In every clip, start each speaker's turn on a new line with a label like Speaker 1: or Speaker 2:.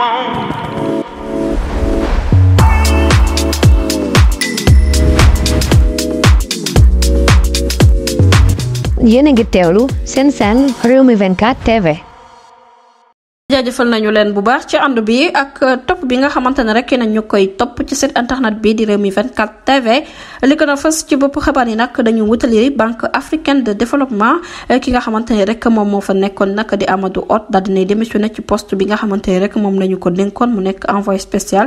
Speaker 1: want. Yene Sen Sen, Rumi Venkat TV jajeufal nañu len bu baax ci ànd bi ak uh, top bi nga xamantene rek nañ ñu koy ci site internet bi di réew 24 tv li ko na fess ci bop xabar yi nak dañu wutali banque africaine de développement uh, ki nga xamantene rek mom mo fa nekkon nak di amadou hot dal dina démissionné ci poste bi nga xamantene rek mom lañu ko denkon mu nekk envoyé spécial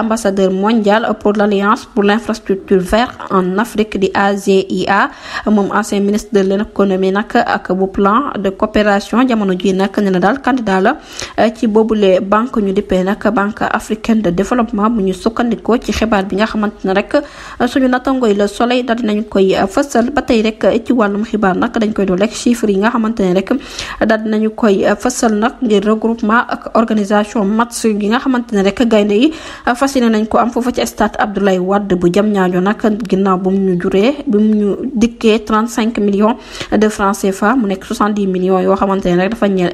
Speaker 1: ambassadeur mondial pour l'alliance pour l'infrastructure verte en afrique di agia mom ancien ministre de l'économie nak ak bu plan de coopération jamono ji nak ne dal candidat la Eh, ci boobule banque ñu dippee nag banque africaine de développement bu ñu sukkandikoo ci xibaar bi nga xamante ne rek eh, suñu nattango yi la soleil daal dinañ koy eh, fësal ba tey rek ci wàllum xibaar nag dañ koy doon rek chiffres yi nga xamante ne rek daal nañu koy fësal nag ngir regroupement ak organisation match yi nga xamante ne rek gaynde yi fas yéene nañ ko am foofu ci stade Abdoulaye Wade bu jam ñaajo nag ginnaaw bu mu ñu juree bu ñu dikkee 35 millions de francs fa mu nekk 70 millions yoo xamante ne rek dafa ñeel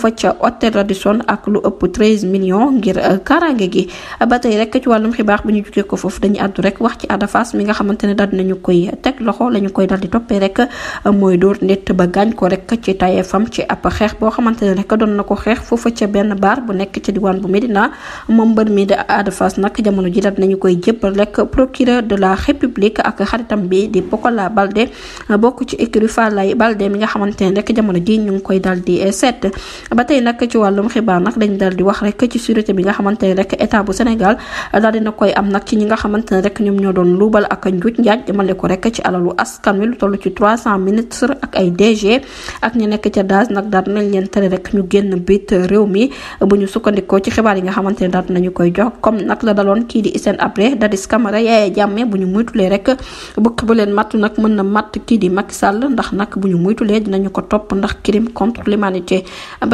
Speaker 1: foofa ca hôtel Radisson ak lu ëpp 13 million ngir euh, kaaraange gi ba tey rek ci wàllum xibaax bu ñu jugee ko foofu dañuy addu rek wax ci Ada Fass mi nga xamante ne daal dinañu koy teg loxo la koy daal di toppee rek euh, mooy dóor nit ba gaañ ko rek ci tayefam ci ab xeex boo xamante ne rek doon na ko xeex foofa ca benn baar bu nekk ca diwaan bu Medina moom mbër mi de Ada Fass nag jamono ji daal dinañu koy jébbal rek procureur de la république ak xaritam bi di Pokola Balde euh, bokk ci écurie Falaye Balde mi nga xamante ne rek jamono ji ñu ngi koy daal di seet ba tey nak ci walum xibaar nak dañ dal di wax rek ci sûreté bi nga xamantene rek état bu sénégal daal dina koy am nak ci ñi nga xamantene rek ñom ñoo doon lubal ak njuuj njaaj jëmale ko rek ci alalu askan wi lu tollu ci 300 ministre ak ay dg ak ñi nek ci daas nak daal nañ leen téré rek ñu genn bit réew mi bu ñu sukkandikoo ci xibaar yi nga xamantene ne daal nañu koy jox comme nak la daloon ki di isen après dadis camara yaaya jàmme bu ñu muytulé rek bukk bu leen mat nak mën na matt kii di Macky Sall ndax nak bu ñu muytulee dinañu ko top ndax crime contre l'humanité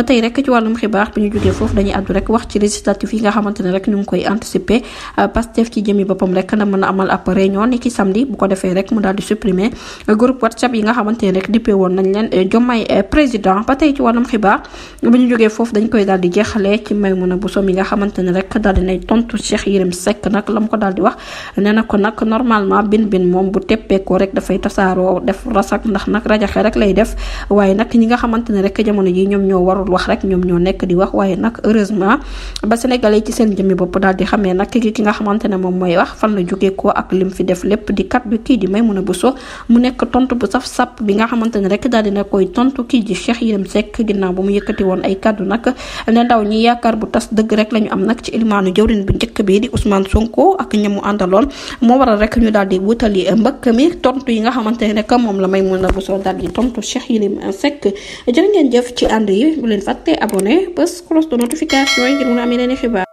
Speaker 1: tey rek ci walum xibaar bi ñu joggé fofu dañuy addu rek wax ci législatif yi nga xamantene rek ñu ngi koy anticiper euh, pastef ci jëmi bopam rek na mëna amal ap réunion ni ki samedi bu ko défé rek mu daal di supprimer euh, groupe whatsapp yi nga xamantene rek dipé won nañ leen jommay euh, président ba tey ci walum xibaar bu ñu joggé fofu dañ koy daal di jeexalee ci may mun bu som nga xamantene rek daal di nay tontu cheikh yirim sek nak lam ko daal di wax nee ko nak normalement bin bin mom bu ko rek fay tassaro def rasak ndax nag rajaxe rek lay def waye nak ñi nga xamantene rek jamono ji ñom ñoo warul wax rek ñom ñoo nekk di wax waaye nak heureusement ba sénégalais ci seen jëmmi bopp daal di xamee nak ki ki nga xamantene moom wax fan la ko ak lim fi def lépp di kat bi kii di may mun a buso mu nekk tontu bu saf sap bi nga xamantene rek daal dina koy tontu kii di cheikh sek ginnaaw bu mu yëkkati woon ay kaddu nak ne ndaw ñi yaakaar bu tas dëgg rek lañu am nak ci ilmanu jëwrin bu njëkk bi di ousmane sonko ak ñamu andalon moo waral rek ñu daal di wutali mbëkk mi tontu yi nga xamantene rek moom la may mun a buso daal di tontu cheikh sek jërë ngeen jëf ci ànd bu leen fàtte abonné bés cloche de notification yi ngir mun a am yeneen